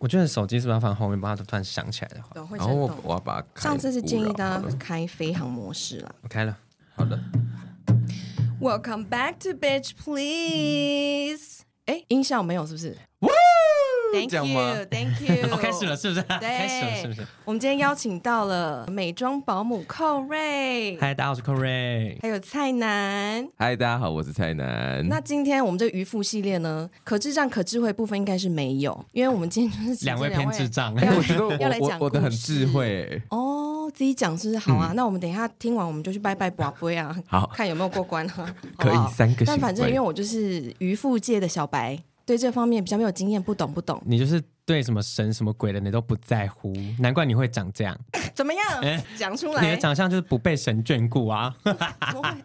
我覺得手機是不是要放後面，把它突然響起來的話，然後我我，我要把它開。上次是建議大家開飛行模式啦了。我開了，好的。Welcome back to bitch, please。哎、嗯，音效沒有是不是？Thank you, Thank you 對。 開始了是不是？對，開始了是不是？我們今天邀請到了美妝保姆寇瑞。r e 嗨，大家好，我是寇瑞。r 還有蔡男，嗨，大家好，我是蔡男。那今天我們這愚婦系列呢，可智障可智慧部分應該是沒有，因為我們今天就是兩位，位偏智障，欸、我覺得我我都很智慧 哦，自己講是不是好啊、嗯？那我們等一下聽完我們就去拜拜 b 寡婦呀，好看有沒有過關啊？ 可以好好三個，但反正因為我就是愚婦界的小白。對這方面比較沒有經驗，不懂不懂，你就是。對什麼神什麼鬼的你都不在乎，難怪你會長這樣。怎麼樣？講、欸、出來。你的長相就是不被神眷顧啊！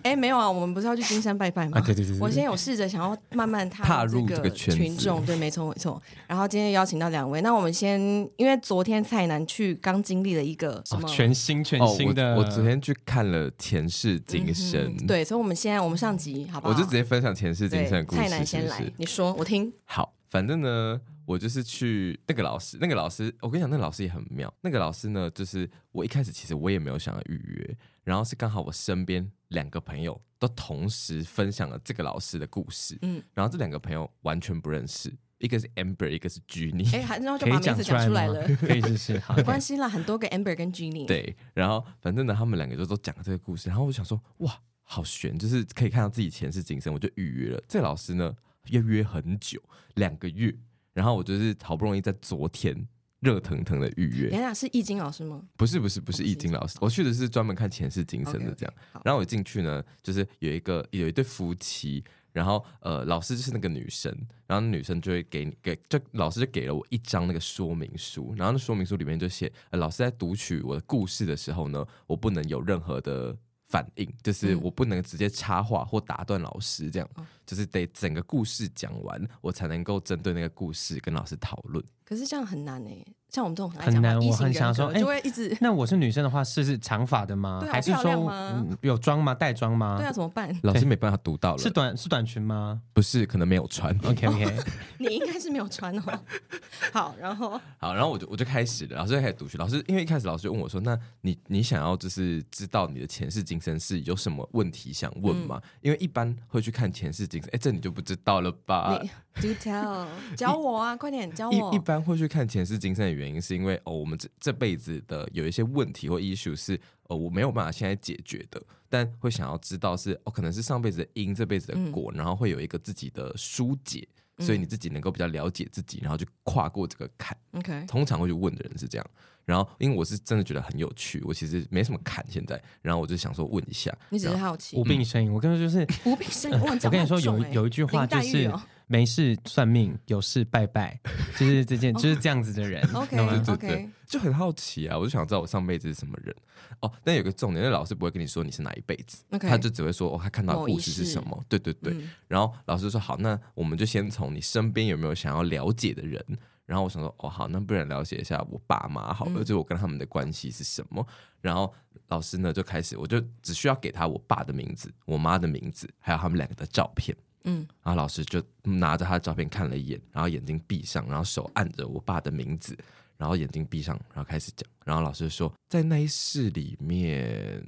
哎、 欸，沒有啊，我們不是要去金山拜拜嗎？啊、對對對，我現在有試着想要慢慢踏、踏入這個圈子。群眾對，沒錯沒錯。然後今天邀請到兩位，那我們先，因為昨天蔡男去剛經歷了一個什麼、哦、全新全新的、哦我。我昨天去看了前世今生、嗯。對，所以我們先在我們上集，好吧？我就直接分享前世今生的故事，蔡男先來，是不是你說我聽。好，反正呢。我就是去那個老師，那個老師，我跟你講，那個老師也很妙。那個老師呢，就是我一開始其實我也沒有想要預約，然後是剛好我身邊兩個朋友都同時分享了這個老師的故事，嗯，然後這兩個朋友完全不認識，一個是 Amber，一個是 Ginny，哎，然後就把名字講出來了，可以是是， 沒關係啦，很多個 Amber 跟 Ginny， 對，然後反正呢，他們兩個就都講了這個故事，然後我想說，哇，好玄。就是可以看到自己前世今生，我就預約了。這個老師呢，要約，約很久，兩個月。然後我就是好不容易在昨天熱騰騰的預約。你倆是易經老師嗎？不是不是不是,不是易經老師，我去的是專門看前世今生的這樣。Okay, okay, 然後我進去呢，就是有一個有一對夫妻，然後呃老師就是那個女生，然後女生就會給你給就老師就給了我一張那個說明書，然後那說明書裡面就寫，呃，老師在讀取我的故事的時候呢，我不能有任何的。反應就是我不能直接插話或打斷老師，這樣、嗯、就是得整個故事講完，我才能夠針對那個故事跟老師討論。可是這樣很難誒、欸。像我們這種很難，我很想要說，哎、欸，就會一直。那我是女生的話，是是長髮的嗎？啊、還是說、嗯、有妝嗎？帶妝嗎？對啊，怎麼辦？老師沒辦法讀到了。欸、是短是短裙嗎？不是，可能沒有穿。OK OK，、哦、你應該是沒有穿哦。 好，然後好，然後我就我就開始了。老師就開始讀去。老師因為一開始老師就問我說：“那你你想要就是知道你的前世今生是有什麼問題想問嗎？”嗯、因為一般會去看前世今生，哎、欸，這你就不知道了吧？你 detail 教我啊，快點教我一。一般會去看前世今生的原原因是因為哦，我們這這輩子的有一些問題或 issue 是哦、呃，我沒有辦法現在解決的，但會想要知道是哦，可能是上輩子的因，這輩子的果、嗯，然後會有一個自己的疏解、嗯，所以你自己能夠比較了解自己，然後就跨過這個坎、嗯 okay。通常會去問的人是這樣。然後，因為我是真的覺得很有趣，我其實沒什麼坎現在，然後我就想說問一下，你只是好奇。嗯、無病呻吟，我跟你說就是無病呻吟。我跟你說有有一句話就是。沒事算命，有事拜拜，就是這件 就是這樣子的人。 OK、嗯、OK，就很好奇啊，我就想知道我上輩子是什麼人哦。但有個重點，那老師不會跟你說你是哪一輩子，okay, 他就只會說，哦，他看到故事是什麼，對對對、嗯。然後老師說好，那我們就先從你身邊有沒有想要了解的人。然後我想說，哦好，那不然了解一下我爸媽好了，而、嗯、且、就是、我跟他們的關係是什麼。然後老師呢就開始，我就只需要給他我爸的名字、我媽的名字，還有他們兩個的照片。嗯，然後老師就拿着他的照片看了一眼，然後眼睛閉上，然後手按着我爸的名字，然後眼睛閉上，然後開始講。然後老師說，在那一世裡面，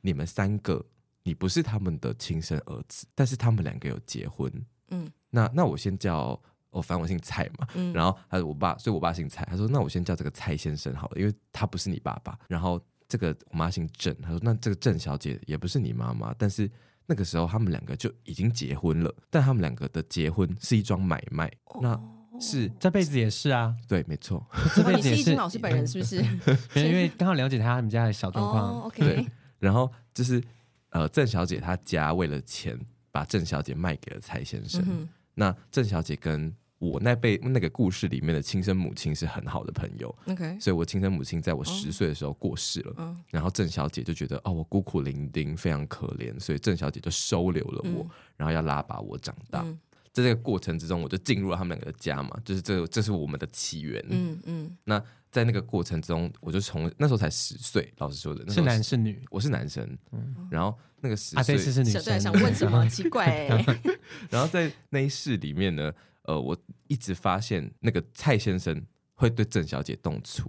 你們三個，你不是他們的親生兒子，但是他們兩個有結婚。嗯，那那我先叫，我、哦、反正我姓蔡嘛。嗯。然後他說我爸，所以我爸姓蔡。他說那我先叫這個蔡先生好了，因為他不是你爸爸。然後這個我媽姓鄭，他說那這個鄭小姐也不是你媽媽，但是。那個時候他們兩個就已經結婚了，但他們兩個的結婚是一樁買賣，哦、那是這輩子也是啊是？對，沒錯，這輩子也是。哦、是老師本人是不是？嗯、是。因為剛好了解他們家的小狀況，哦 okay、對。然後就是呃，鄭小姐她家為了錢把鄭小姐賣給了蔡先生，嗯、那鄭小姐跟我那輩那個故事裡面的親生母親是很好的朋友，OK，所以我親生母親在我十歲的時候過世了，oh. Oh. 然後鄭小姐就覺得哦，我孤苦伶仃，非常可憐，所以鄭小姐就收留了我，嗯、然後要拉拔我長大、嗯，在這個過程之中，我就進入了他們兩個的家嘛，就是這，這是我們的起源，嗯嗯。那在那個過程中，我就從那時候才十歲，老實說的那，是男是女？我是男生，嗯、然後那個十歲、啊、對是是女生小，想問什麼奇怪、欸啊？然後在那一世裡面呢。呃，我一直發現那個蔡先生會對鄭小姐動粗，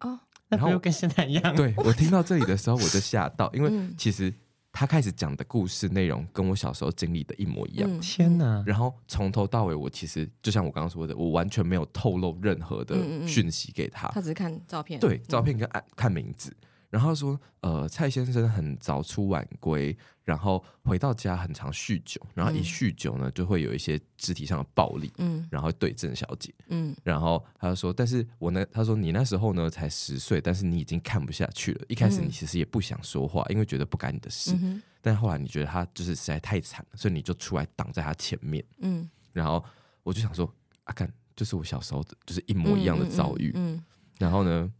哦，然後又、哦、跟現在一樣。對，我聽到這裡的時候，我就嚇到， 因為其實他開始講的故事內容跟我小時候經歷的一模一樣。嗯、天哪！然後從頭到尾，我其實就像我剛剛說的，我完全沒有透露任何的訊息給他，嗯嗯嗯。他只是看照片，對，照片跟看名字。嗯然後他說，呃，蔡先生很早出晚歸，然後回到家很常酗酒，然後一酗酒呢、嗯，就會有一些肢體上的暴力，嗯，然後對鄭小姐，嗯，然後他就說，但是我呢，他說你那時候呢才十歲，但是你已經看不下去了。一開始你其實也不想說話，嗯、因為覺得不干你的事、嗯，但後來你覺得他就是實在太慘了，所以你就出來擋在他前面，嗯，然後我就想說，啊，幹，就是我小時候的就是一模一樣的遭遇嗯嗯嗯，嗯，然後呢，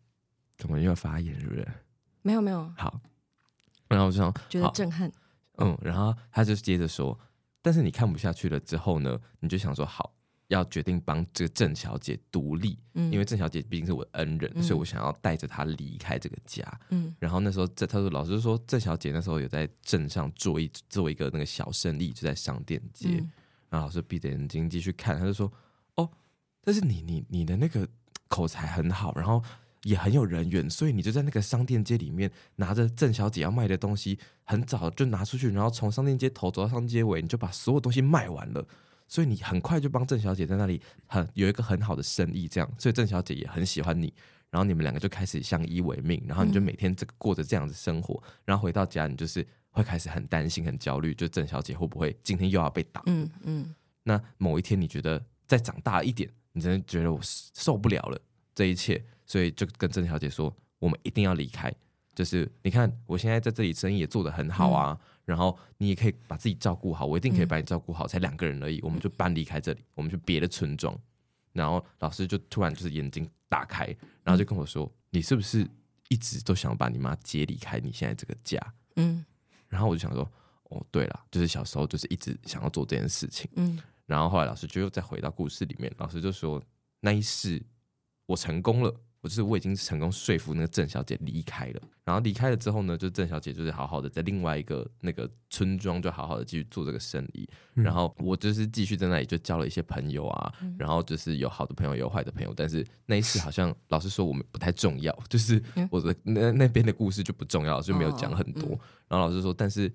怎麼又要發言了？沒有沒有好，然後我就覺得震撼，嗯，然後他就接着說，但是你看不下去了之後呢，你就想說好，要決定幫這個鄭小姐獨立、嗯，因為鄭小姐畢竟是我的恩人，嗯、所以我想要帶着她離開這個家，嗯，然後那時候，在，他說老師說鄭小姐那時候有在鎮上做一做一個那個小生意，就在商店街，嗯、然後老師閉着眼睛繼續看，他就說哦，但是你你你的那個口才很好，然後。也很有人緣，所以你就在那個商店街裡面拿着鄭小姐要賣的東西，很早就拿出去，然後從商店街頭走到商店街尾，你就把所有東西賣完了，所以你很快就幫鄭小姐在那裡很有一個很好的生意，這樣，所以鄭小姐也很喜歡你，然後你們兩個就開始相依為命，然後你就每天這過着這樣的生活、嗯，然後回到家你就是會開始很擔心、很焦慮，就鄭小姐會不會今天又要被打？嗯嗯。那某一天你覺得再長大一點，你真的覺得我受不了了。這一切，所以就跟鄭小姐說：“我們一定要離開。”就是你看，我現在在這裡生意也做得很好啊、嗯，然後你也可以把自己照顧好，我一定可以把你照顧好，嗯、才兩個人而已，我們就搬離開這裡，我們去別的村莊。然後老師就突然就是眼睛打開，然後就跟我說、嗯：“你是不是一直都想把你媽接離開你現在這個家？”嗯，然後我就想說：“哦，對了，就是小時候就是一直想要做這件事情。”嗯，然後後來老師就又再回到故事裡面，老師就說：“那一世。”我成功了，我就是我已經成功說服那個鄭小姐離開了。然後離開了之後呢，就鄭小姐就是好好的在另外一個那個村莊，就好好的繼續做這個生意、嗯。然後我就是繼續在那裡就交了一些朋友啊，嗯、然後就是有好的朋友，有壞的朋友。但是那一次好像老師說我們不太重要，就是我的、嗯、那那邊的故事就不重要，就沒有講很多、哦嗯。然後老師說，但是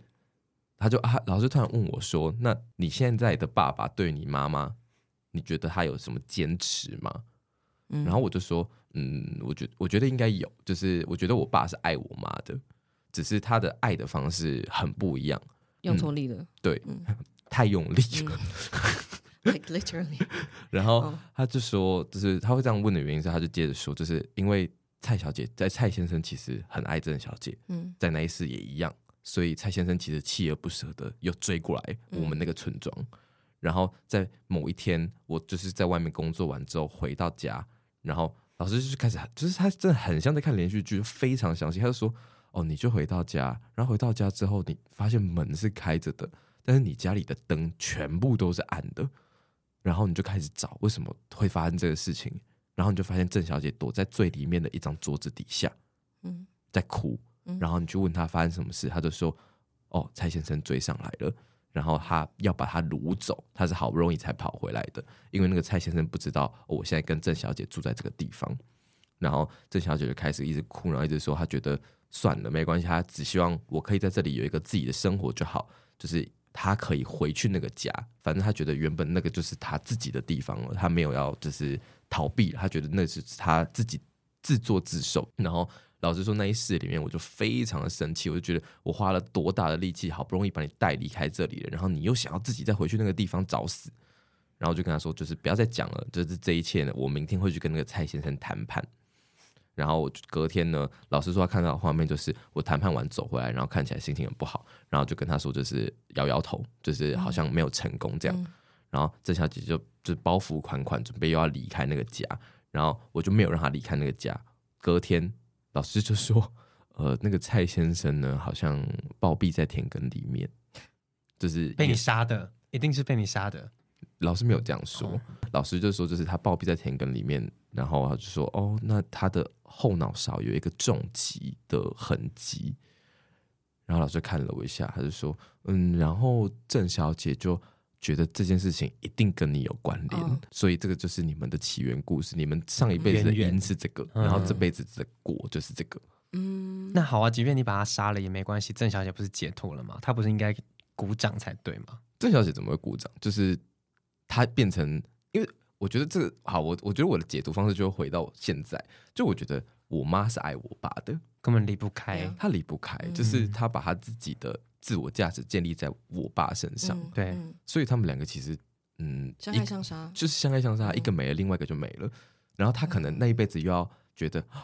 他就啊，老師突然問我說：“那你現在的爸爸對你媽媽，你覺得他有什麼堅持嗎？”嗯、然後我就說，嗯，我覺我覺得應該有，就是我覺得我爸是愛我媽的，只是他的愛的方式很不一樣，用錯力了、嗯，對、嗯，太用力了、嗯、 ，like literally。 然後他就說，就是、oh. 他會這樣問的原因是，他就接着說，就是因為蔡小姐在蔡先生其實很愛鄭小姐，嗯，在那一世也一樣，所以蔡先生其實鍥而不捨的又追過來我們那個村莊、嗯。然後在某一天，我就是在外面工作完之後回到家。然後老師就是開始，就是他真的很像在看連續劇，就非常詳細。他就說：“哦，你就回到家，然後回到家之後，你發現門是開着的，但是你家裡的燈全部都是暗的。然後你就開始找為什麼會發生這個事情，然後你就發現鄭小姐躲在最裡面的一張桌子底下，嗯，在哭。然後你去問他發生什麼事，他就說：‘哦，蔡先生追上來了。’”然後他要把他擄走，他是好不容易才跑回來的，因為那個蔡先生不知道，哦，我現在跟鄭小姐住在這個地方。然後鄭小姐就開始一直哭，然後一直說她覺得算了，沒關係，她只希望我可以在這裡有一個自己的生活就好，就是她可以回去那個家，反正她覺得原本那個就是她自己的地方了，她沒有要就是逃避，她覺得那是她自己自作自受，然後。老師說那一世裡面，我就非常的生氣，我就覺得我花了多大的力氣，好不容易把你帶離開這裡了，然後你又想要自己再回去那個地方找死，然後我就跟他說，就是不要再講了，就是這一切呢，我明天會去跟那個蔡先生談判。然後隔天呢，老師說他看到的畫面就是我談判完走回來，然後看起來心情很不好，然後就跟他說，就是搖搖頭，就是好像沒有成功這樣。嗯嗯、然後鄭小姐就就包袱款款準備又要離開那個家，然後我就沒有讓她離開那個家。隔天。老師就說：“呃，那個蔡先生呢，好像暴斃在田埂裡面，就是被你殺的，一定是被你殺的。”老師沒有這樣說，哦、老師就說：“就是他暴斃在田埂裡面，然後他就說：‘哦，那他的後腦勺有一個重擊的痕迹。’然後老師看了我一下，他就說：‘嗯，然後鄭小姐就……’”覺得這件事情一定跟你有關聯、嗯，所以這個就是你們的起源故事。你們上一輩子的因是這個遠遠、嗯，然後這輩子的果就是這個。嗯，那好啊，即便你把他殺了也沒關係。鄭小姐不是解脫了嗎？她不是應該鼓掌才對嗎？鄭小姐怎麼會鼓掌？就是她變成，因為我覺得這個好，我我覺得我的解讀方式就回到現在。就我覺得我媽是愛我爸的，根本離不開，她、嗯、離不開，就是她把她自己的。自我價值建立在我爸身上，嗯、對、嗯，所以他們兩個其實，嗯，相愛相殺，就是相愛相殺、嗯，一個沒了，另外一個就沒了。然後他可能那一輩子又要覺得，哦、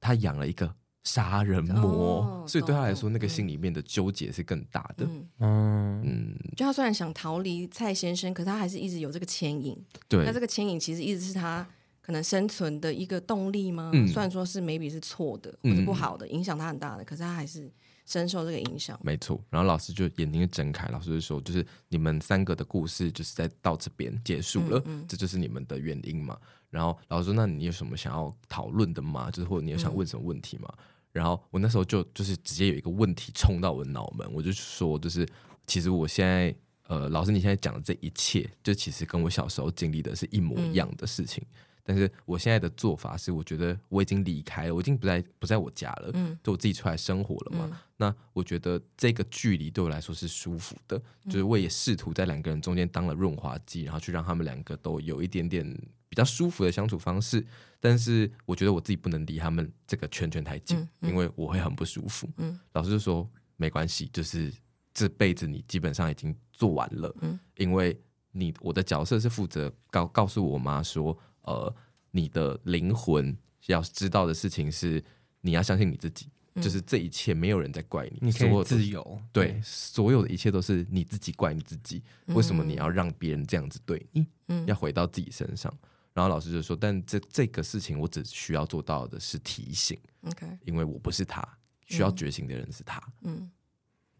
他養了一個殺人魔、嗯，所以對他來說，那個心裡面的糾結是更大的。嗯嗯，就他雖然想逃離蔡先生，可是他還是一直有這個牽引。對，那這個牽引其實一直是他可能生存的一個動力嗎？嗯、雖然說是 maybe 是錯的、嗯、或者不好的，嗯、影響他很大的，可是他還是。深受這個影響，沒錯。然後老師就眼睛就睜開，老師就說：“就是你們三個的故事，就是在到這邊結束了，嗯嗯、這就是你們的原因嘛。”然後老師說：“那你有什麼想要討論的嗎？就是或者你有想問什麼問題嗎？”嗯、然後我那時候就就是直接有一個問題衝到我腦門，我就說：“就是其實我現在，呃，老師你現在講的這一切，就其實跟我小時候經歷的是一模一樣的事情。嗯”但是我現在的做法是，我覺得我已經離開了，我已經不在不在我家了，嗯，就我自己出來生活了嘛。嗯、那我覺得這個距離對我來說是舒服的，嗯、就是我也試圖在兩個人中間當了潤滑劑，然後去讓他們兩個都有一點點比較舒服的相處方式。但是我覺得我自己不能離他們這個圈圈太近，嗯嗯、因為我會很不舒服。嗯，老師就說沒關係，就是這輩子你基本上已經做完了，嗯，因為你我的角色是負責告告訴我媽說。呃，你的靈魂要知道的事情是，你要相信你自己，嗯，就是這一切沒有人在怪你，你可以自由，對，對，所有的一切都是你自己怪你自己，嗯，為什麼你要讓別人這樣子對你，嗯？要回到自己身上。然後老師就說，但這這個事情我只需要做到的是提醒，OK，嗯，因為我不是他，需要覺醒的人是他，嗯。嗯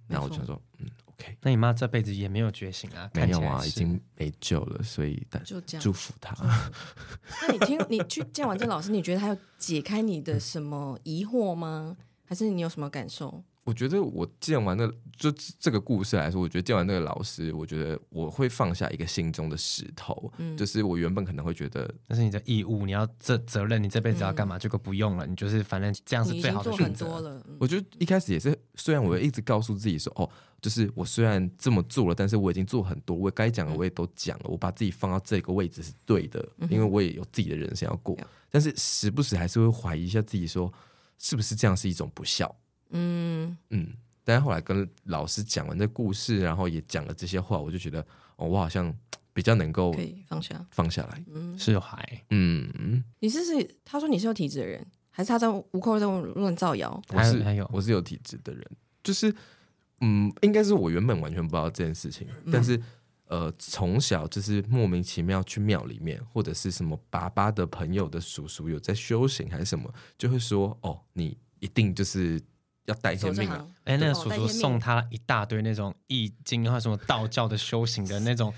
那我就想說，嗯，OK。那你媽這輩子也沒有覺醒啊，看，沒有啊，已經沒救了，所以但祝福她。 那你聽，你去見完這老師，你覺得他有解開你的什麼疑惑嗎？還是你有什麼感受？我覺得我見完的、那個，就這個故事來說，我覺得見完那個老師，我覺得我會放下一個心中的石頭。嗯、就是我原本可能會覺得，那是你的義務，你要這責任，你這輩子要幹嘛，結、嗯、果不用了，你就是反正這樣是最好的選擇。了我覺得一開始也是，雖然我會一直告訴自己說、嗯，哦，就是我雖然這麼做了，但是我已經做很多，我該講的我也都講了，我把自己放到這個位置是對的，嗯、因為我也有自己的人生要過、嗯。但是時不時還是會懷疑一下自己說，說是不是這樣是一種不孝。嗯嗯，但是後來跟老師講完這故事，然後也講了這些話，我就覺得哦，我好像比較能夠放下放下來放下嗯。嗯，是有孩，嗯你是是，他說你是有體質的人，還是他在無空在亂造謠？我是還有我是有體質的人，就是嗯，應該是我原本完全不知道這件事情，嗯、但是呃，從小就是莫名其妙去廟裡面，或者是什麼爸爸的朋友的叔叔有在修行還是什麼，就會說哦，你一定就是。要帶天命啊！哎，那叔叔送他一大堆那種易經，還有什麼道教的修行的那種。啊、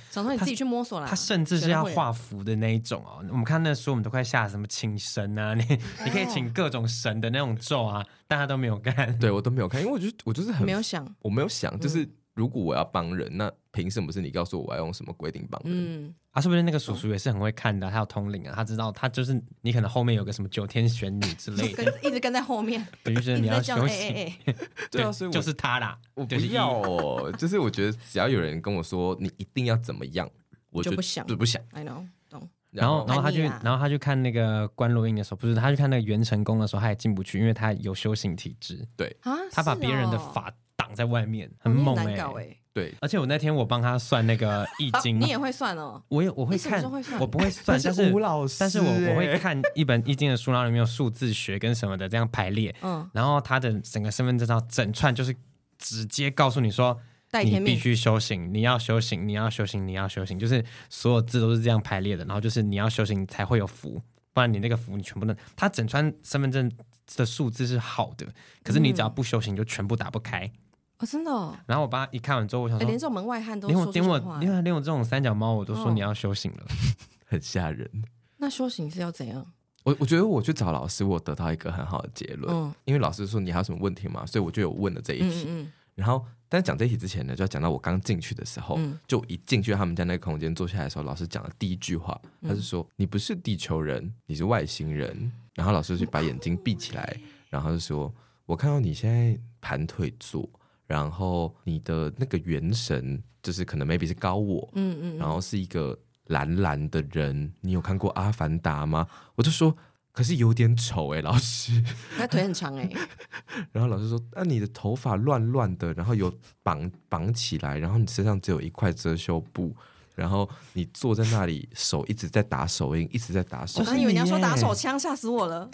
他，他甚至是要畫符的那一種哦。我們看那書，我們都快下什麼請神啊，你、哦、你可以請各種神的那種咒啊，但他都沒有看。對我都沒有看，因為我覺、就、得、是、我就是很沒有想，我沒有想，就是如果我要幫人，嗯、那憑什麼是你告訴我我要用什麼規定幫人？嗯他、啊、是不是那個叔叔也是很會看的、啊嗯？他有通靈啊，他知道他就是你可能後面有個什麼九天玄女之類的， 一直跟在後面，等於是你要修行， 對，就是他啦。我不要、哦就是、 就是我覺得只要有人跟我說你一定要怎麼樣，我就,就不想， 就不想。I know，、don't. 然後，然後他就，然後他去看那個觀落陰的時候，不是他去看那個元辰宮的時候，他也進不去，因為他有修行體質。 對他把別人的法擋在外面， 哦、很猛、欸、難對，而且我那天我幫他算那個易經， 你也會算哦？我也我會看是是會，我不會算， 但是，但是吳老師，欸，但是我我會看一本易經的書，然後裡面有數字學跟什麼的這樣排列。 嗯，然後他的整個身份證上整串就是直接告訴你說，你必須修行，你要修行，你要修行，你要修行，就是所有字都是這樣排列的。然後就是你要修行才會有福，不然你那個福你全部能。他整串身份證的數字是好的，可是你只要不修行就全部打不開。嗯啊、哦，真的、哦！然後我爸一看完之後，我想說、欸、連這種門外漢都說連我連我連我這種三腳貓，我都說你要修行了，哦、 很嚇人。那修行是要怎樣？我我覺得我去找老師，我得到一個很好的結論、哦。因為老師說你還有什麼問題嗎？所以我就有問了這一題。嗯嗯嗯、然後，但講這一題之前呢，就要講到我剛進去的時候，嗯、就一進去他們在那個空間坐下來的時候，老師講的第一句話，嗯、他是說你不是地球人，你是外星人。然後老師就把眼睛閉起來、哦，然後就說，我看到你現在盤腿坐。然後你的那個元神就是可能 maybe 是高我，嗯嗯，然後是一個藍藍的人。你有看過《阿凡達》嗎？我就說，可是有點醜哎、欸，老師。他腿很長哎、欸。 然後老師說：“那、啊、你的頭髮亂亂的，然後有綁綁起來，然後你身上只有一塊遮羞布，然後你坐在那裡，手一直在打手印，一直在打手印。我剛，剛以為你要說打手、手、打手槍，嚇死我了。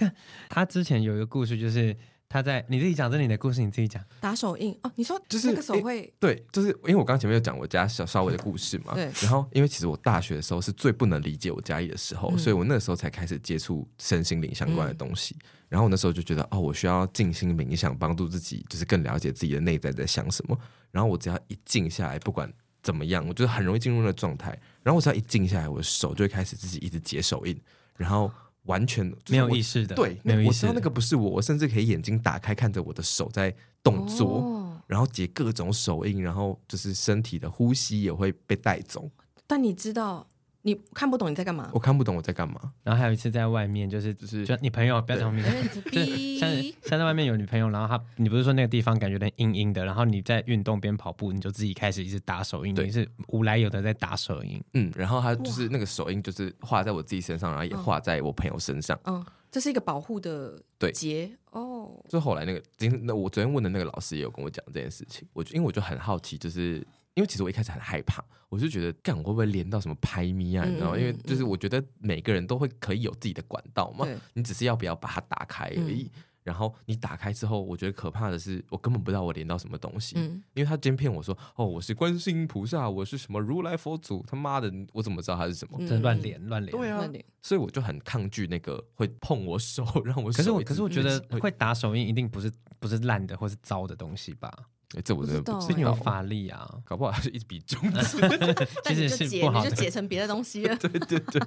他之前有一個故事，就是。”他在你自己講這裡的故事，你自己講打手印哦，你說就是那個手會對，就是因為我剛前面有講我家小稍微的故事嘛，對，然後因為其實我大學的時候是最不能理解我家裡的時候、嗯，所以我那時候才開始接觸身心靈相關的東西，嗯、然後我那時候就覺得哦，我需要靜心冥想幫助自己，就是更了解自己的內在在想什麼，然後我只要一靜下來，不管怎麼樣，我就是很容易進入那個狀態，然後我只要一靜下來，我的手就會開始自己一直結手印，然後。完全、就是、沒有意識的，對，沒有意識。我知道那個不是我，我甚至可以眼睛打開看着我的手在動作，哦、然後結各種手印，然後就是身體的呼吸也會被帶走。但你知道。你看不懂你在幹嘛？我看不懂我在幹嘛。然後還有一次在外面，就是，就是就是你朋友不要在外面。 就是像像在外面有女朋友，然後她，你不是說那個地方感覺有點陰陰的，然後你在運動邊跑步，你就自己開始一直打手印，等於是無來由的在打手印，嗯，然後她就是那個手印就是畫在我自己身上，然後也畫在我朋友身上，嗯、哦，這是一個保護的結哦。就後來那個今那我昨天問的那個老師也有跟我講這件事情，我就因為我就很好奇就是。因為其實我一開始很害怕，我就覺得，幹，我會不會連到什麼拍咪啊？你知道嗎？嗯、因為就是我覺得每個人都會可以有自己的管道嘛，你只是要不要把它打開而已、嗯。然後你打開之後，我覺得可怕的是，我根本不知道我連到什麼東西。嗯、因為他今天騙我說，哦，我是觀世音菩薩，我是什麼如來佛祖，他媽的，我怎麼知道他是什麼？亂、嗯、連、就是、亂連，亂連、啊、亂連。所以我就很抗拒那個會碰我手，讓我手，可是我，可是我覺得會打手印一定不是，不是爛的或是糟的東西吧。欸、這我是，所以你要發力啊，搞不好是一直比中指， 你就解 其實是不好的，你就解成別的東西了。 對對對，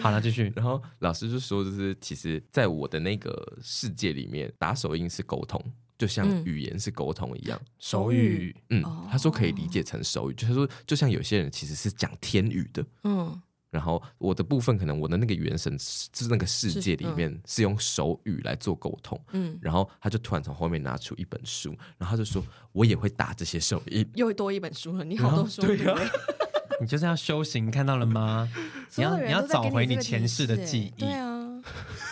好了，繼續。 然後老師就說，就是其實，在我的那個世界裡面，打手印是溝通，就像語言是溝通一樣，嗯、手語。嗯、哦，他說可以理解成手語，就是說，就像有些人其實是講天語的。嗯。然後我的部分可能我的那個元神，就是那個世界裡面是用手語來做溝通，嗯，然後他就突然從後面拿出一本書，然後他就說我也會打這些手語一，又會多一本書了，你好多書。對呀、啊， 你就是要修行看到了嗎？ 你要你要 找回你前世的記憶。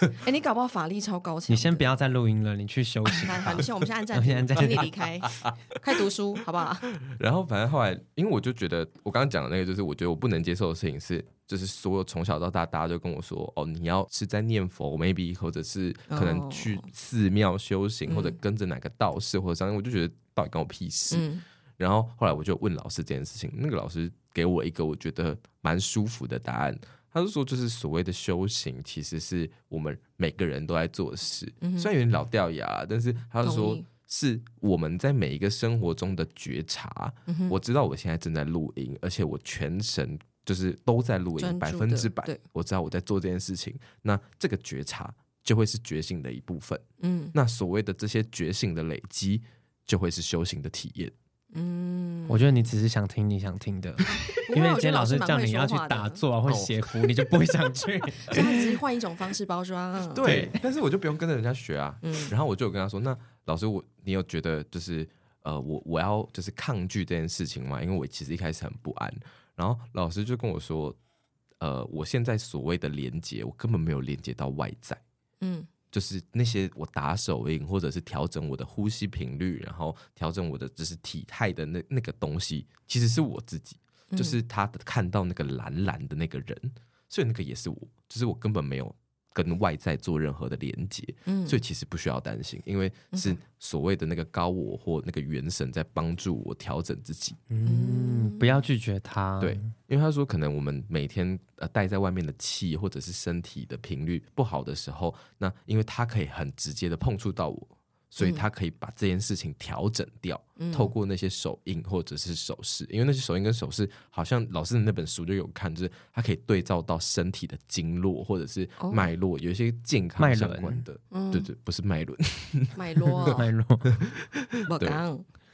哎、欸，你搞不好法力超高清。你先不要再錄音了，你去休息。好，好，先，我們先按暫停，暫停，你離開，快讀書，好不好？然後，反正後來，因為我就覺得，我剛剛講的那個，就是我覺得我不能接受的事情是，就是所有從小到大，大家就跟我說，哦，你要是在念佛，maybe，或者是可能去寺廟修行，或者跟着哪個道士或和尚、嗯，我就覺得到底關我屁事、嗯。然後後來我就問老師這件事情，那個老師給我一個我覺得蠻舒服的答案。他就說，就是所謂的修行，其實是我們每個人都在做事。嗯、雖然有點老掉牙，嗯、但是他就說是我們在每一個生活中的覺察。我知道我現在正在錄音，而且我全神就是都在錄音，百分之百。我知道我在做這件事情，那這個覺察就會是覺醒的一部分。嗯，那所謂的這些覺醒的累積，就會是修行的體驗。嗯， 我覺得你只是想聽你想聽的，啊、因為今天老師叫你要去打坐或 寫符， 你就不會想去。他只是換一種方式包裝、啊、對， 但是我就不用跟着人家學啊。嗯、然後我就有跟他說：“那老師，我你有覺得就是呃，我我要就是抗拒這件事情嗎？因為我其實一開始很不安。”然後老師就跟我說：“呃，我現在所謂的連接，我根本沒有連接到外在。”嗯。就是那些我打手印，或者是調整我的呼吸頻率，然後調整我的就是體態的那那個東西，其實是我自己。嗯。就是他看到那個藍藍的那個人，所以那個也是我，就是我根本沒有。跟外在做任何的連接，嗯，所以其實不需要擔心，因為是所謂的那個高我或那個元神在幫助我調整自己，嗯，不要拒絕他，對，因為他說可能我們每天呃待在外面的氣或者是身體的頻率不好的時候，那因為他可以很直接的碰觸到我。所以他可以把這件事情調整掉，嗯、透過那些手印或者是手勢、嗯，因為那些手印跟手勢，好像老師的那本書就有看，就是它可以對照到身體的經絡或者是脈絡、哦，有一些健康相關的，對對，不是脈輪，脈絡，脈 絡， 對。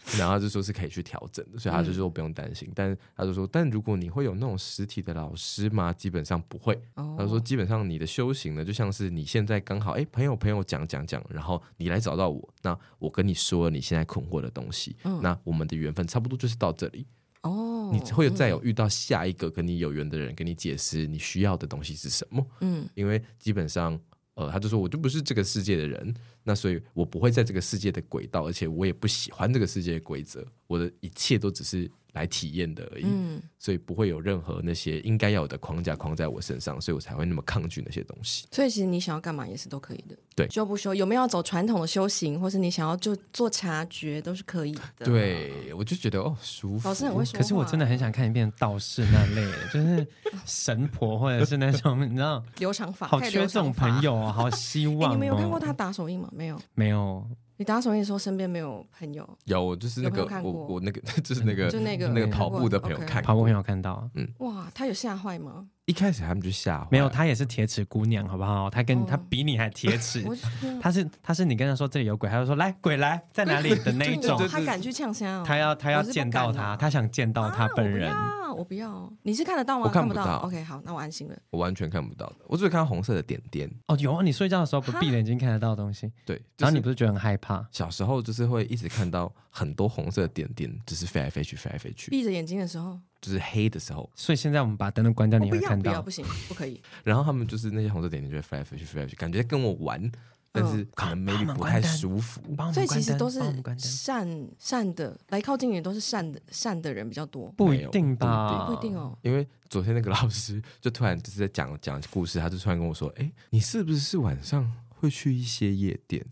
然後他就說是可以去調整的，所以他就說不用擔心。嗯、但他就說，但如果你會有那種實體的老師嘛，基本上不會。哦、他就說，基本上你的修行呢，就像是你現在剛好，哎，朋友朋友講講講，然後你來找到我，那我跟你說你現在困惑的東西、嗯，那我們的緣分差不多就是到這裡。哦，你會再有遇到下一個跟你有緣的人，嗯、跟你解釋你需要的東西是什麼。嗯，因為基本上。呃，他就說我就不是這個世界的人，那所以我不會在這個世界的軌道，而且我也不喜歡這個世界的規則，我的一切都只是來體驗的而已，嗯，所以不會有任何那些應該要有的框架框在我身上，所以我才會那麼抗拒那些東西。所以其實你想要幹嘛也是都可以的，對，修不修有沒有走傳統的修行，或是你想要就做察覺都是可以的。對，對我就覺得哦舒服，老師很會說。可是我真的很想看一遍道士那類，就是神婆或者是那種 你知道留長髮好缺這種朋友，哦，好希望，哦。 你們有看過他打手印嗎？沒有，沒有。你打手印的時候，身邊沒有朋友？有，就是那個我我那個就是那個就那個那個跑步的朋友看、嗯、跑步朋友看到嗯，哇，他有嚇壞嗎？一開始他們就嚇，沒有，她也是鐵齒姑娘，好不好？她跟、oh. 她比你還鐵齒， 她是她是你跟她說這裡有鬼，她就說來鬼來在哪裡的那一種。她敢去嗆聲，她要她要見到她、啊，她想見到她本人、啊。我不要，我不要，你是看得到嗎？我看不到。不到不到 OK，好，那我安心了。我完全看不到的，我只看到紅色的點點。 哦，有啊，你睡覺的時候不閉眼睛看得到東西？對，然後你不是覺得很害怕？就是、小時候就是會一直看到很多紅色的點點，只 是飛來飛去，飛來飛去。閉着眼睛的時候。就是黑的時候，所以現在我們把燈都關掉，你會看到。不要，不行，不可以。 然後他們就是那些紅色點點，就會飛來飛去飛來飛去，感覺跟我玩、呃，但是可能美女不太舒服。所以其實都是善善,善的來靠近你，都是善的善的人比較多。不一定吧？啊，對，不一定哦。因為昨天那個老師就突然就是在講講故事，他就突然跟我說：“哎、欸，你是不是,是晚上？”會去一些夜店，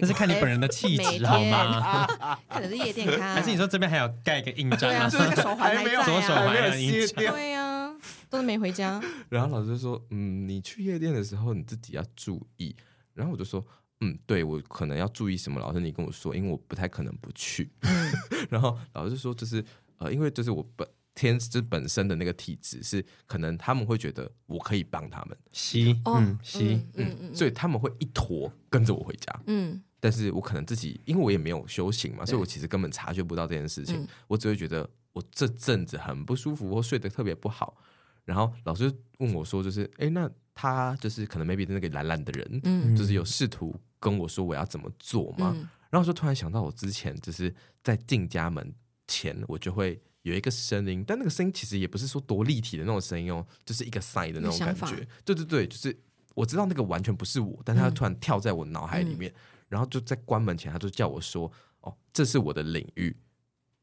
那 是看你本人的氣質好嗎？可 能是夜店咖，還是你說這邊還要蓋個印章啊？左、 啊就是、手環還在啊？左手環的印章，對呀、啊，都是沒回家。 然後老師就說，嗯，你去夜店的時候你自己要注意。然後我就說，嗯，對，我可能要注意什麼？老師你跟我說，因為我不太可能不去。 然後老師就說，就是呃，因為就是我本。天之、就是、本身的那個體質是可能他們會覺得我可以幫他們，吸，嗯，吸、嗯嗯嗯，嗯，所以他們會一坨跟着我回家，嗯。但是我可能自己因為我也沒有修行嘛、嗯，所以我其實根本察覺不到這件事情，嗯、我只會覺得我這陣子很不舒服，我睡得特別不好。然後老師問我說：“就是，哎、欸，那他就是可能 maybe 那個懶懶的人，嗯，就是有試圖跟我說我要怎麼做嘛、嗯？”然後就突然想到我之前就是在進家門前，我就會。有一個聲音，但那個聲音其實也不是說多立體的那種聲音哦，就是一個塞的那種感覺。對對對，就是我知道那個完全不是我，但是他突然跳在我腦海裡面，嗯、然後就在關門前，他就叫我說：“哦，這是我的領域，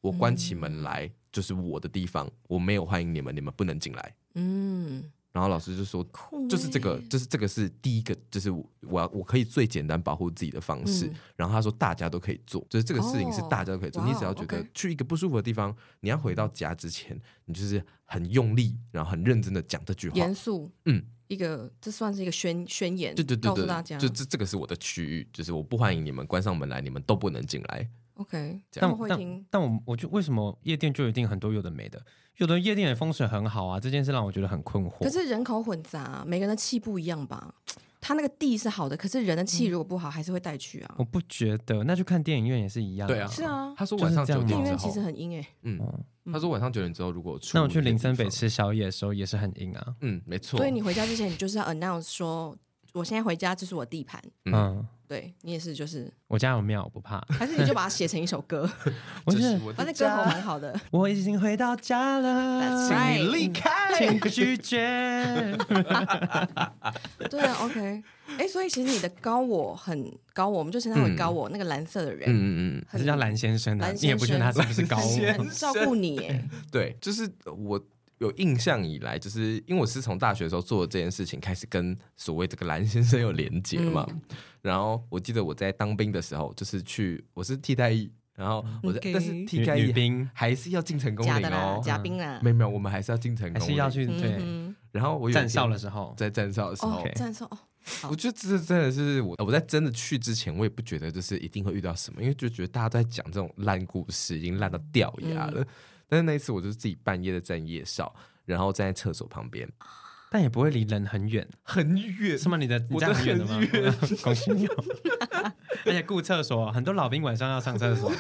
我關起門來、嗯、就是我的地方，我沒有歡迎你們，你們不能進來。”嗯。然後老師就說，就是這個，就是這個是第一個，就是我，我，我可以最簡單保護自己的方式。嗯、然後他說，大家都可以做，就是這個事情是大家都可以做、哦。你只要覺得去一個不舒服的地方你，、okay，你要回到家之前，你就是很用力，然後很認真的講這句話，嚴肅，嗯，一個這算是一個宣宣言，對對對對，就這這個是我的區域，就是我不歡迎你們關上門來，你們都不能進來。OK，但我會聽但。但我，我就為什麼夜店就一定很多有的沒的？有的夜店的風水很好啊，這件事讓我覺得很困惑。可是人口混雜，每個人的氣不一樣吧？他那個地是好的，可是人的氣如果不好，嗯、還是會帶去啊。我不覺得，那就看電影院也是一樣。對啊，就是啊。他說晚上九點電影院其實很陰哎、欸嗯。嗯。他說晚上九點之後如果。出、嗯，那我去林森北吃宵夜的時候也是很陰啊。嗯，沒錯。所以你回家之前你就是要 announce 說。我現在回家，這是我的地盤。嗯，對你也是，就是我家有廟不怕。 還是你就把它寫成一首歌， 我覺得這是得的、啊、歌喉蠻好的。我已經回到家了，請你離開， 請拒絕。 對啊，OK，哎、欸，所以其實你的高我很高我，我們就稱他為高我、嗯、那個藍色的人，嗯嗯是叫藍先生的、啊。你也不覺得他是不是高我先生照顧你、欸？對，就是我。有印象以來，就是因為我是從大學的時候做的這件事情開始跟所謂這個藍先生有連接嘛、嗯。然後我記得我在當兵的時候，就是去，我是替代役，然後我是、嗯 okay，但是替代役兵還是要進成功嶺的哦，假兵啊，沒有、嗯，沒有，我們還是要進成功嶺，還是要去、嗯。然後我站哨的時候，在站哨的時候，站、哦、哨，okay，哦，我覺得這真的是我我在真的去之前，我也不覺得就是一定會遇到什麼，因為就覺得大家都在講這種爛故事，已經爛到掉牙了。嗯但是那一次，我就是自己半夜的在站夜哨，然後站在廁所旁邊，但也不會離人很遠，很遠。是嗎？你的？你家很遠的嗎？我的很遠嗎？恭喜你！哦。而且顧廁所，很多老兵晚上要上廁所。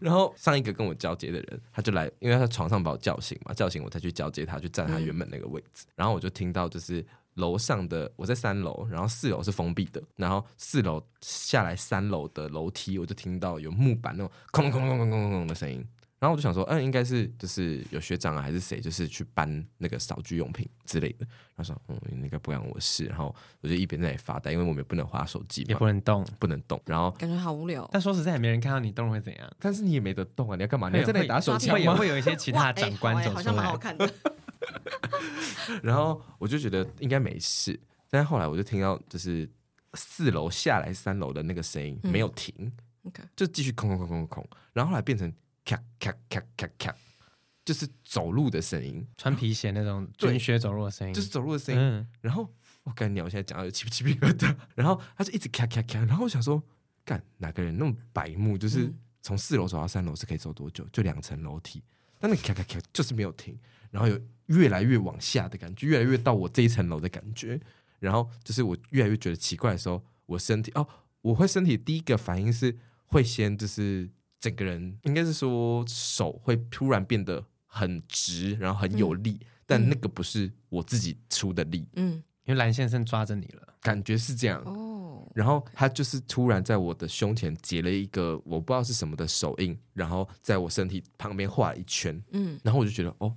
然後上一個跟我交接的人，他就來，因為他在床上把我叫醒嘛，叫醒我才去交接他，去站他原本那個位置。嗯、然後我就聽到，就是樓上的，我在三樓，然後四樓是封閉的，然後四樓下來三樓的樓梯，我就聽到有木板那種“哐哐哐哐哐哐”的聲音。然後我就想說，嗯，應該是就是有學長、啊、還是誰，就是去搬那個掃具用品之類的。他說，嗯，應該不關我事。然後我就一邊在那裡發呆，因為我們也不能滑手機，也不能動，不能動。然後感覺好無聊。但說實在，也沒人看到你動會怎樣。但是你也沒得動啊，你要幹嘛？你在那裡打手機，會有會，有會有一些其他的長官、欸好，欸、好像蠻好看的。 然後我就覺得應該沒事。但是後來我就聽到，就是四樓下來三樓的那個聲音沒有停，嗯、就繼續空空空空空。然後後來變成。咔咔咔咔咔，就是走路的聲音，穿皮鞋那種，穿靴走路的聲音，就是走路的聲音。嗯、然後、哦啊、我跟你聊，現在講到有起雞皮疙瘩，然後他就一直咔咔咔，然後我想說，幹哪個人那麼白目，就是從四樓走到三樓是可以走多久？嗯、就兩層樓梯，但那咔咔咔就是沒有停，然後有越來越往下的感覺，越來越到我這一層樓的感覺，然後就是我越來越覺得奇怪的時候，我身體哦，我會身體的第一個反應是會先就是。整個人應該是說手會突然變得很直，然後很有力。嗯，但那個不是我自己出的力，嗯，因為藍先生抓着你了，感覺是這樣哦。然後他就是突然在我的胸前結了一個我不知道是什麼的手印，然後在我身體旁邊畫了一圈，嗯，然後我就覺得哦，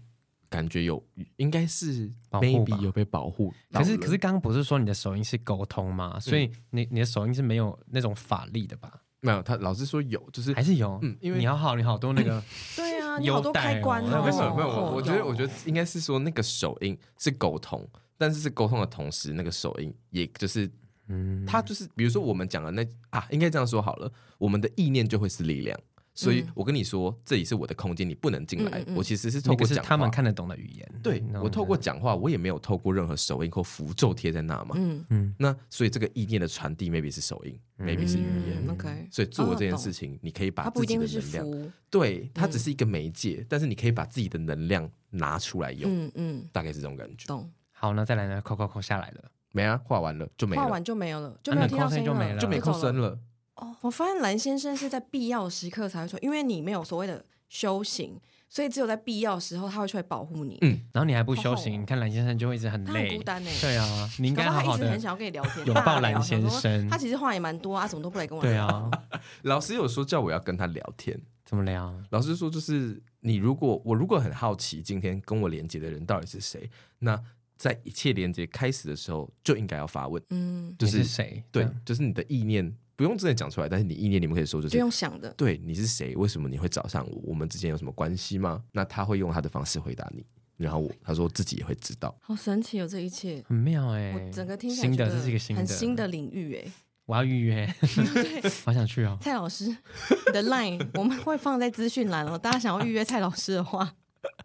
感覺有應該是 maybe 有被保護，可是可是剛剛不是說你的手印是溝通嗎？所以你你的手印是沒有那種法力的吧？沒有，他老是說有，就是還是有，嗯，因為你好，好，你好多那個、嗯，對啊，你好多開關、哦，那 沒有，沒有，我覺得，我覺得應該是說那個手印是溝通，但是是溝通的同時，那個手印也就是，嗯，他就是，比如說我們講的那啊，應該這樣說好了，我們的意念就會是力量。所以，我跟你說、嗯，這裡是我的空間，你不能進來、嗯嗯。我其實是透過講話，那個、他們看得懂的語言。對，okay. 我透過講話，我也沒有透過任何手印或符咒貼在那嘛。嗯嗯。那所以這個意念的傳遞，maybe 是手印，maybe 是語言、嗯。OK。所以做這件事情、哦，你可以把自己的能量，它不一定是符。對，它只是一個媒介、嗯，但是你可以把自己的能量拿出來用。嗯嗯。大概是這種感覺。懂。好，那再來呢？扣扣扣下來了沒啊？畫完了就沒了。畫完就沒有了，就沒有聽聲音了啊、就沒了，就沒扣聲了。哦、oh，我發現藍先生是在必要時刻才會說，因為你沒有所謂的修行，所以只有在必要時候他會出來保護你。嗯，然後你還不修行，你，oh, oh. 看藍先生就會一直很累，很孤單呢。對啊，你應該好，一直好好。很想要跟你聊天，聊有抱藍先生，他其實話也蠻多啊，怎麼都不來跟我聊。對啊， 老師有說叫我要跟他聊天，怎麼聊？老師說就是你如果我如果很好奇今天跟我連接的人到底是誰，那在一切連接開始的時候就應該要發問。嗯，就是，是誰？對，就是你的意念。不用真的講出來，但是你意念裡面可以說出、就是。不用想的。對，你是誰？為什麼你會找上我？我們之間有什麼關係嗎？那他會用他的方式回答你。然後我他說我自己也會知道。好神奇、哦，有這一切，很妙哎、欸！我整個聽起來很新的，這是一個新的，很新的領域哎、欸。我要預約， 對好想去哦。蔡老師你的 Line 我們會放在資訊欄哦。大家想要預約蔡老師的話。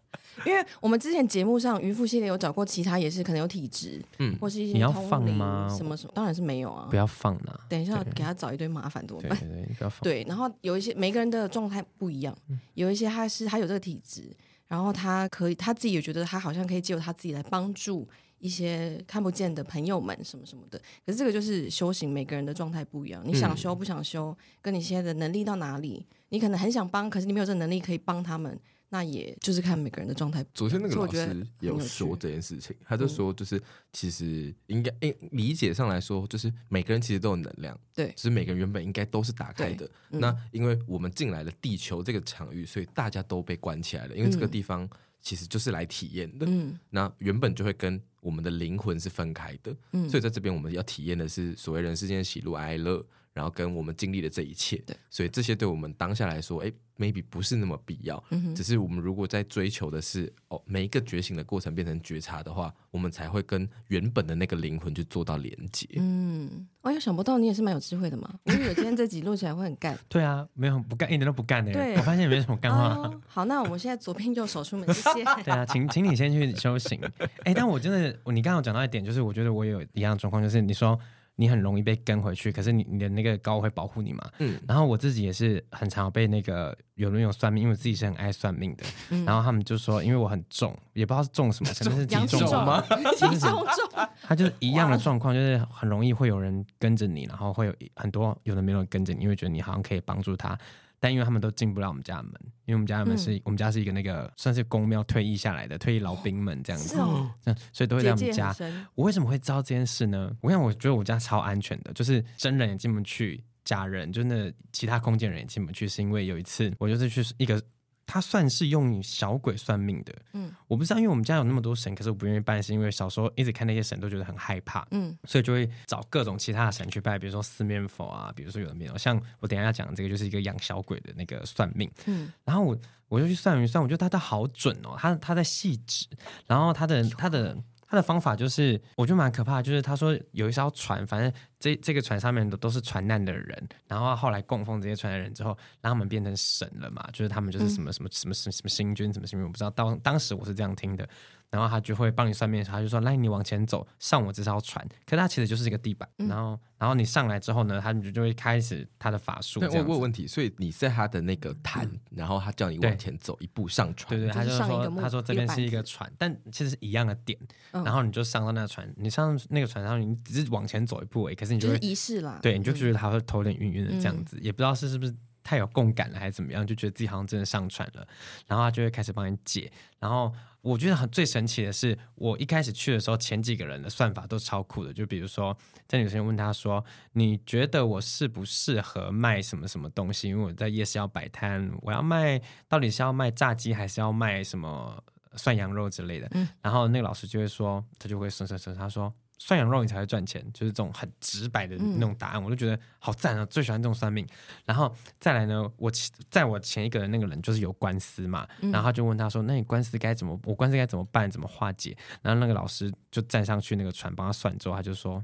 因為我們之前節目上愚婦系列有找過其他也是可能有體質，嗯，或是一些通靈你要放嗎？什麼什麼？當然是沒有啊！不要放了，等一下給他找一堆麻煩怎麼辦？對、對、對，不要放。對，然後有一些每一個人的狀態不一樣，嗯，有一些他是他有這個體質，然後他可以他自己也覺得他好像可以借由他自己來幫助一些看不見的朋友們什麼什麼的。可是這個就是修行，每個人的狀態不一樣，你想修不想修，跟你現在的能力到哪裡，嗯，你可能很想幫，可是你沒有這個能力可以幫他們。那也就是看每個人的狀態。昨天那個老師有說這件事情，他就說就是，其實應該，誒、欸，理解上來說，就是每個人其實都有能量，對，就是每個人原本應該都是打開的。那因為我們進來了地球這個場域，所以大家都被關起來了。因為這個地方其實就是來體驗的，嗯，那原本就會跟我們的靈魂是分開的，嗯，所以在這邊我們要體驗的是所謂人世間喜怒哀樂。然後跟我們經歷了這一切，對，所以這些對我們當下來說，哎，maybe 不是那麼必要，嗯。只是我們如果在追求的是哦，每一個覺醒的過程變成覺察的話，我們才會跟原本的那個靈魂去做到連接。嗯，我、哦、呀，想不到你也是蠻有智慧的嘛。我以為我今天這集錄起來會很乾。 對啊，沒有不乾，一、欸、點都不乾的，欸。對，我發現沒什麼乾話。 好，那我們現在左邊右手出門先。 對啊，請請你先去修行。哎、 欸，但我真的，你剛剛講到一點，就是我覺得我也有一樣狀況，就是你說。你很容易被跟回去，可是你你的那個高我會保護你嘛？嗯。然後我自己也是很常被那個有人有算命，因為我自己是很愛算命的。嗯。然後他們就說，因為我很重，也不知道是重什麼，真的是體重嗎？體重重， 他就一樣的狀況，就是很容易會有人跟着你，然後會有很多有人沒有人跟着你，因為覺得你好像可以幫助他。但因為他們都進不了我們家門，因為我們家門是、嗯、我們家是一個那個算是公廟退役下來的退役老兵們這樣子、哦這樣，所以都會在我們家接接。我為什麼會知道這件事呢？我想我覺得我家超安全的，就是真人也進不去，假人就是、那其他空間人也進不去，是因為有一次我就是去一個。他算是用小鬼算命的，嗯，我不知道，因為我們家有那麼多神，可是我不願意拜，是因為小時候一直看那些神都覺得很害怕，嗯，所以就會找各種其他的神去拜，比如說四面佛啊，比如說有的沒有，像我等一下要講的這個就是一個養小鬼的那個算命，嗯，然後我我就去算一算，我覺得他他好準哦，他他在細緻，然後他的他的。他的方法就是，我覺得蠻可怕的，就是他說有一艘船，反正這這個船上面都都是船難的人，然後後來供奉這些船的人之後，讓他們變成神了嘛，就是他們就是什麼、嗯、什麼什麼什麼星君什麼星君，我不知道，當當時我是這樣聽的。然後他就會幫你算命，他就說：“來，你往前走，上我這艘船。”可他其實就是一個地板、嗯。然後，然後你上來之後呢，他就就會開始他的法術。我有問、問、問題，所以你在他的那個潭，然後他叫你往前走一步上船。對對、對，他就說、就是：“他說這邊是一個船一個，但其實是一樣的點。然後你就上到那個船，你上那個船上，你只是往前走一步而已。可是你就、會就儀式了。對，你就覺得他會頭有點暈暈的這樣子，嗯、也不知道是是不是太有共感了還是怎麼樣，就覺得自己好像真的上船了。然後他就會開始幫你解，然後。我覺得很最神奇的是，我一開始去的時候，前幾個人的算法都超酷的。就比如說，在你之前問他說：“你覺得我適不適合賣什麼什麼東西？因為我在夜市要擺攤，我要賣到底是要賣炸雞還是要賣什麼涮羊肉之類的、嗯？”然後那個老師就會說，他就會說、說、說他說。涮羊肉，你才會賺錢，就是這種很直白的那種答案，嗯、我就覺得好贊啊！最喜歡這種算命。然後再來呢，我前在我前一個的那個人就是有官司嘛、嗯，然後他就問他說：“那你官司該怎麼？我官司該怎麼辦？怎麼化解？”然後那個老師就站上去那個船幫他算之後，他就說：“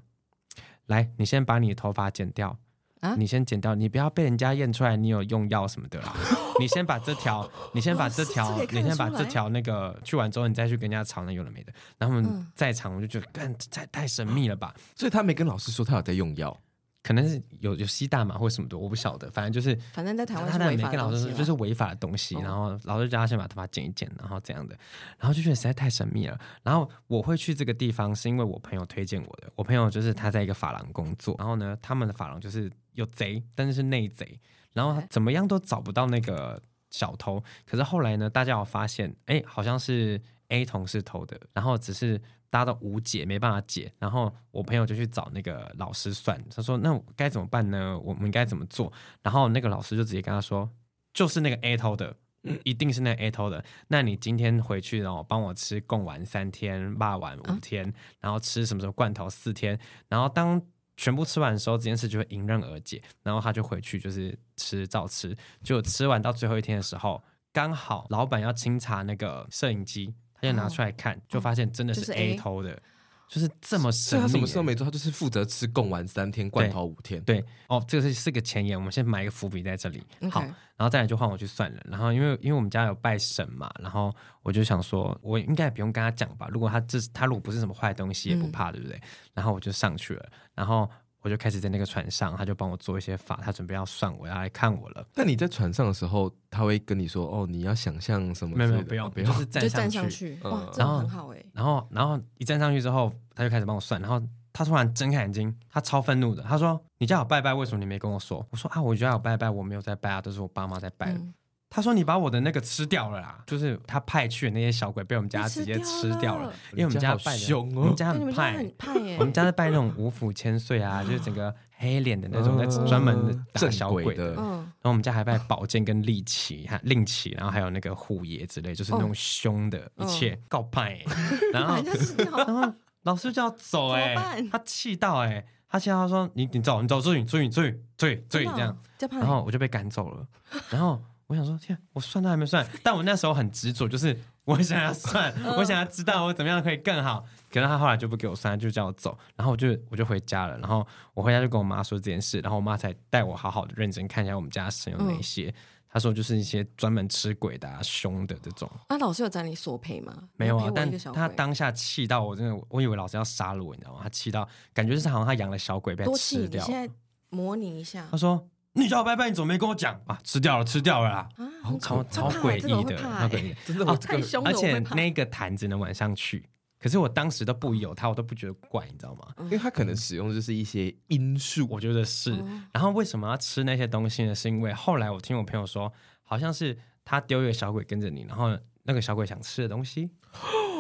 來，你先把你的頭髮剪掉。”啊、你先剪掉，你不要被人家驗出來你有用藥什麼的啦。 你先把這條，你先把這條，哦、這你先把這條那個去完之後，你再去跟人家吵那有的沒的。然後我們在場，我就覺得，嗯、太太太神秘了吧？所以他沒跟老師說他有在用藥，可能是有有吸大麻或什麼的，我不曉得。反正就是，反正在台灣，他也沒跟老師說，就是違法的東西。啊、然後老師叫他先把頭髮剪一剪，然後這樣的，然後就覺得實在太神秘了，嗯。然後我會去這個地方是因為我朋友推薦我的，我朋友就是他在一個髮廊工作，嗯，然後呢，他們的髮廊就是。有賊，但是是內賊。然後怎麼樣都找不到那個小偷。可是後來呢，大家有發現，哎，好像是 A 同事偷的。然後只是大家都無解，沒辦法解。然後我朋友就去找那個老師算，他說：“那該怎麼辦呢？我們應該怎麼做？”然後那個老師就直接跟他說：“就是那個 A 偷的，嗯、一定是那個 A 偷的。嗯、那你今天回去，然後幫我吃貢丸三天，霸丸五天、嗯，然後吃什麼什麼罐頭四天，然後當。”全部吃完的時候，這件事就會迎刃而解。然後他就回去，就是吃早吃，就吃完到最後一天的時候，剛好老板要清查那個攝影機，他、哦、就拿出來看，就發現真的是 A，嗯、就是、A 偷的。就是這麼神秘。他什麼時候沒做？他就是負責吃，貢丸三天罐頭五天。對，對哦，這個是是個前言，我們先埋一個伏筆在這裡。好，okay. 然後再來就換我去算了。然後因為因為我們家有拜神嘛，然後我就想說，我應該也不用跟他講吧？如果他這他如果不是什麼壞東西，也不怕、嗯，對不對？然後我就上去了，然後。我就開始在那個船上，他就幫我做一些法，他準備要算我要來看我了。那你在船上的時候，他會跟你說哦，你要想象什麼？沒有，沒有，不、哦、要不要，就是站上去，上去呃、哇，真的很好哎。然後，然後一站上去之後，他就開始幫我算。然後他突然睜開眼睛，他超憤怒的，他說：“你家有拜拜，為什麼你沒跟我說？”我說：“啊，我家有拜拜，我沒有在拜啊，都、就是我爸媽在拜。嗯”他說：“你把我的那個吃掉了啦，就是他派去的那些小鬼被我們家直接吃掉了，掉了因為我們家兇、哦、我們家很派、欸、我們家很派，我們家在拜那種五府千歲啊， 就是整個黑臉的那種，哦、在專門打小鬼的，鬼的、哦。然後我們家還拜寶劍跟利旗、還令旗，然後還有那個虎爺之類，就是那種兇的一切，告、哦、派、哦、 然後，然後老師就要走哎、欸，他氣到哎，他氣到說：你你走，你走，走，你，走，你，走，你走，你這樣。然後我就被趕走了， 然後。”我想說，天、啊，我算都還沒算， 但我那時候很執着，就是我想要算， 我想要知道我怎麼樣可以更好。 可是他後來就不給我算，他就叫我走，然後我就我就回家了。然後我回家就跟我媽說這件事，然後我媽才帶我好好的認真看一下我們家神有哪些。他、嗯、說就是一些專門吃鬼的、啊、凶的這種。那、啊、老師有找你索賠嗎？沒有啊，但他當下氣到我真的，我以為老師要殺了我，你知道嗎？他氣到感覺是好像他養了小鬼被她吃掉。多氣！你現在模擬一下。他說。你叫我拜拜，你怎麼沒跟我講啊？吃掉了，吃掉了、啊、超超詭異的，欸、超詭異！真、哦、的、哦，這個，而且那個壇子只能晚上去、嗯，可是我當時都不有它、嗯，我都不覺得怪，你知道嗎？嗯、因為他可能使用就是一些因素，我覺得是、嗯。然後為什麼要吃那些東西呢？是因為後來我聽我朋友說，好像是他丟一個小鬼跟着你，然後那個小鬼想吃的東西，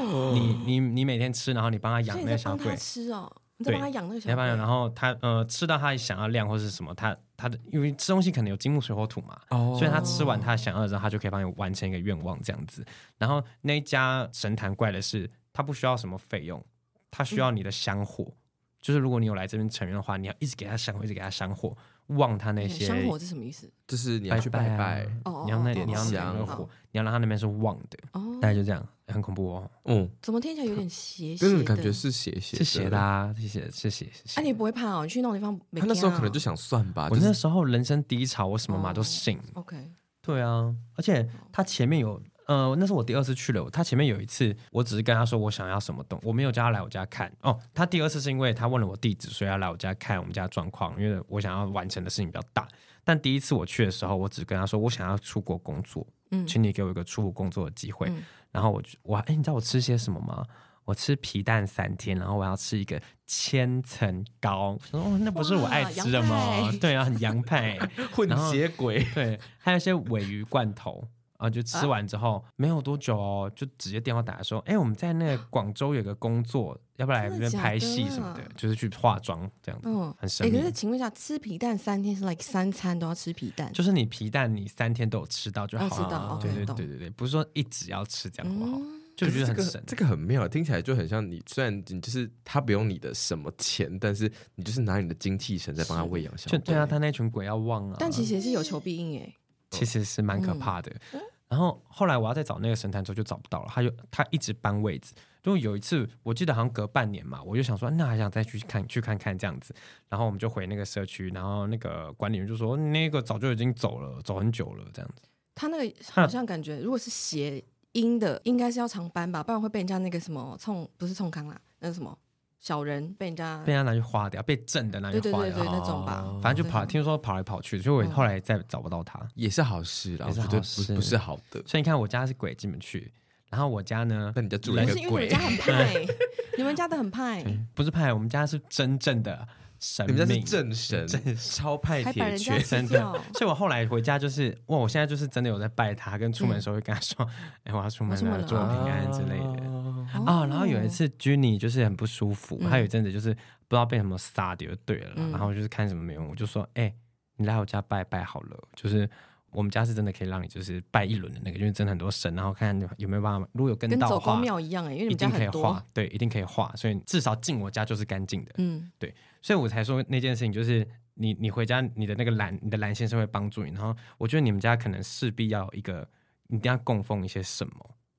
哦、你你你每天吃，然後你幫他養那個小鬼吃哦。對，他養那然後他呃吃到他想要量，或是什麼，他他的因為吃東西可能有金木水火土嘛，oh. 所以他吃完他想要的，後，他就可以幫你完成一個願望這樣子。然後那一家神壇怪的是，他不需要什麼費用，他需要你的香火，嗯、就是如果你有來這邊成員的話，你要一直給他香火，一直給他香火。旺他那些。欸、香火是什麼意思？就是你要去拜拜，你要那你要點那火，你要讓他那邊是旺的。哦，哦，哦，大概就這樣，很恐怖哦。嗯，怎麼聽起來有點邪邪的？感覺是邪邪的，謝謝謝謝謝謝謝。哎，邪邪啊、你不會怕哦？你去那種地方。哦，他那時候可能就想算吧。就是，我那時候人生低潮，我什麼嘛都信。哦。OK，對啊，而且他前面有。呃，那是我第二次去了。他前面有一次，我只是跟他說我想要什麼東西，我沒有叫他來我家看。哦，他第二次是因為他問了我地址，所以要來我家看我們家狀況。因為我想要完成的事情比較大。但第一次我去的時候，我只跟他說我想要出國工作。嗯，請你給我一個出國工作的機會、嗯。然後我我哎、欸，你知道我吃些什麼嗎？我吃皮蛋三天，然後我要吃一個千層糕。說，哦，那不是我愛吃的嗎？對啊，很洋派、欸， 混血鬼。對，還有一些鲱魚罐頭。然啊，就吃完之後、啊、沒有多久、哦，就直接電話打來說：“哎、欸，我們在那廣州有個工作，要不然來那邊拍戲什麼的，的，的、啊，就是去化妝這樣子，哦、很神奇，哎、欸，可是請問一下，吃皮蛋三天是 like 三餐都要吃皮蛋？就是你皮蛋你三天都有吃到就好了、啊啊，對對對對對，不是說一直要吃這樣子哈、嗯，就覺得很神、這個。這個很妙，聽起來就很像你，雖然你就是他不用你的什麼錢，但是你就是拿你的精氣神在幫他餵養，就對啊，他那群鬼要忘啊。但其實是有求必應耶、欸哦。其實是蠻可怕的。嗯然後後來我要再找那個神壇，之後就找不到了。他就他一直搬位置，就有一次我記得好像隔半年嘛，我就想說那還想再去看去看看這樣子。然後我們就回那個社區，然後那個管理員就說那個早就已經走了，走很久了這樣子。他那個好像感覺如果是諧音的，啊、應該是要常搬吧，不然會被人家那個什麼沖，不是沖康啦，那是什麼。小人被人家被人家拿去花掉，被震的拿去花掉對對對對那種吧、哦。反正就跑，聽說跑來跑去，所以我後來再找不到他，嗯、也是好事了。不是不是好的。所以你看，我家是鬼進不去，然後我家呢被你的主人一個鬼。是很派， 你們家的很派、嗯，不是派，我們家是真正的神，你們家是正神，超派鐵拳。真的。所以我後來回家就是，哇，我現在就是真的有在拜他，跟出門的時候會跟他說，哎、嗯欸，我要出門了，祝、啊、平安之類的。啊啊、哦哦嗯，然後有一次 Juni 就是很不舒服，他、嗯、有一陣子就是不知道被什麼煞到就對了、嗯。然後就是看什麼沒有，我就說：“哎、欸，你來我家拜拜好了。”就是我們家是真的可以讓你就是拜一輪的那個，因為真的很多神，然後看，看有沒有辦法，如果有跟到的話，跟逛宮廟一樣哎、欸，因為你們家很多，對，一定可以化，所以至少進我家就是乾淨的。嗯，對，所以我才說那件事情，就是你你回家，你的那個藍，你的藍先生會幫助你。然後我覺得你們家可能勢必要有一個，你一定要供奉一些什麼，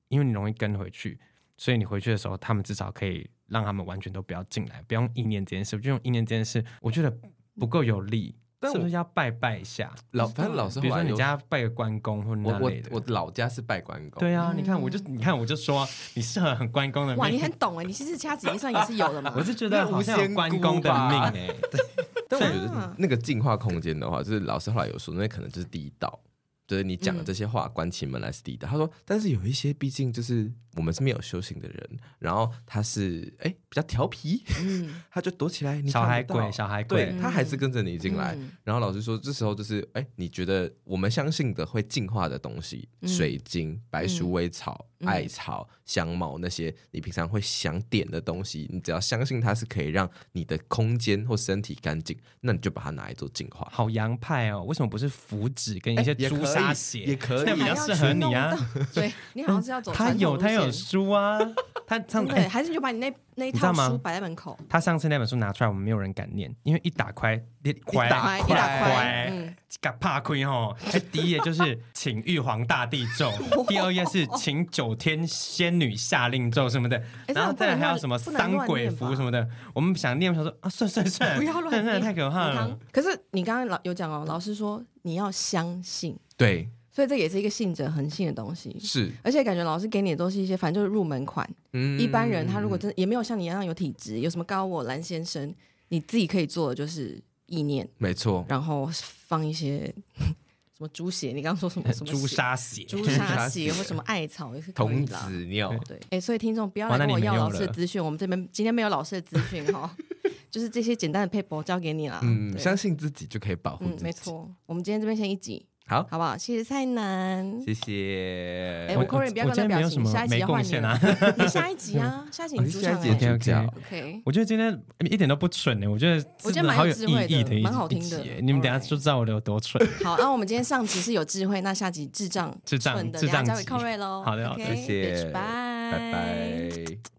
因為你容易跟回去。所以你回去的時候，他們至少可以讓他們完全都不要進來，不要用意念這件事，就用意念這件事，我覺得不夠有力。但我是，是要拜拜一下，老，反、就、正、是、老師，比如說你家拜個關公或者那類的，我，我老家是拜關公。對啊，嗯、你看我就，你看我就說，你適合很關公的命。哇，你很懂哎，你其實掐指一算也是有的嘛、 啊啊 啊啊啊啊啊。我是覺得好像關公的命哎、啊 啊啊啊。但我覺得那個進化空間的話，就是老師後來有說，那可能就是第一道。就是你講的這些話，嗯、關起門來是滴的。他說，但是有一些，畢竟就是我們是沒有修行的人。然後他是哎比較調皮，嗯、 他就躲起來。你小孩鬼，小孩鬼對、嗯，他還是跟着你進來。嗯、然後老師說，這時候就是哎，你覺得我們相信的會淨化的東西，嗯、水晶、白鼠尾草、嗯、艾草、香茅那些，你平常會想點的東西，你只要相信它是可以讓你的空間或身體乾淨，那你就把它拿來做淨化。好洋派哦！為什麼不是符紙跟一些朱？豬加血也可以，這樣比較適合你啊！對你好像是要走。他、 嗯、有他有書啊，他 唱。對、欸、還是就把你那那一套書擺在門口。他上次那本書拿出來，我們沒有人敢念，因為一打開，一打開，一打,一打,、嗯、一打,打開、喔，敢怕開哦。欸第一頁就是 請玉皇大帝咒， 第二頁、就是請九天仙女下令咒什麼的， 第二就是、 大 然後再來還有什麼三、 欸、鬼符什麼的。我們想念的時候說啊，算算算， 不要亂亂念， 真的太可怕了。欸、可是你剛剛老有講哦，老師說你要相信。對，所以這也是一個信者恆信的東西。是，而且感覺老師給你的都是一些，反正就是入門款。嗯，一般人他如果真的也沒有像你一樣有體質、嗯，有什麼高我藍先生，你自己可以做的就是意念，沒錯。然後放一些什麼豬血， 你剛剛說什麼什麼朱砂血、朱砂血或什麼艾草也是、童子尿，對。哎、欸，所以聽眾不要來跟我要老師的資訊，我們這邊今天沒有老師的資訊哈， 就是這些簡單的配搏交給你了。嗯，相信自己就可以保護、嗯、沒錯，我們今天這邊先一集。好，好不好？謝謝蔡男。謝謝。哎、欸，我寇瑞，你不要跟他表情現，下一集要換你啊？ 你下一集啊， 下一集你出場了、欸。下一 OK 我覺得今天一點都不蠢呢，我覺得真的好有智慧的一，蠻好聽的。一 Alright. 你們等一下就知道我的有多蠢。 好，那、啊、我們今天上集是有智慧，那下集智障、智障的要交給寇瑞嘍。好的，okay. 謝謝，拜拜。Bye bye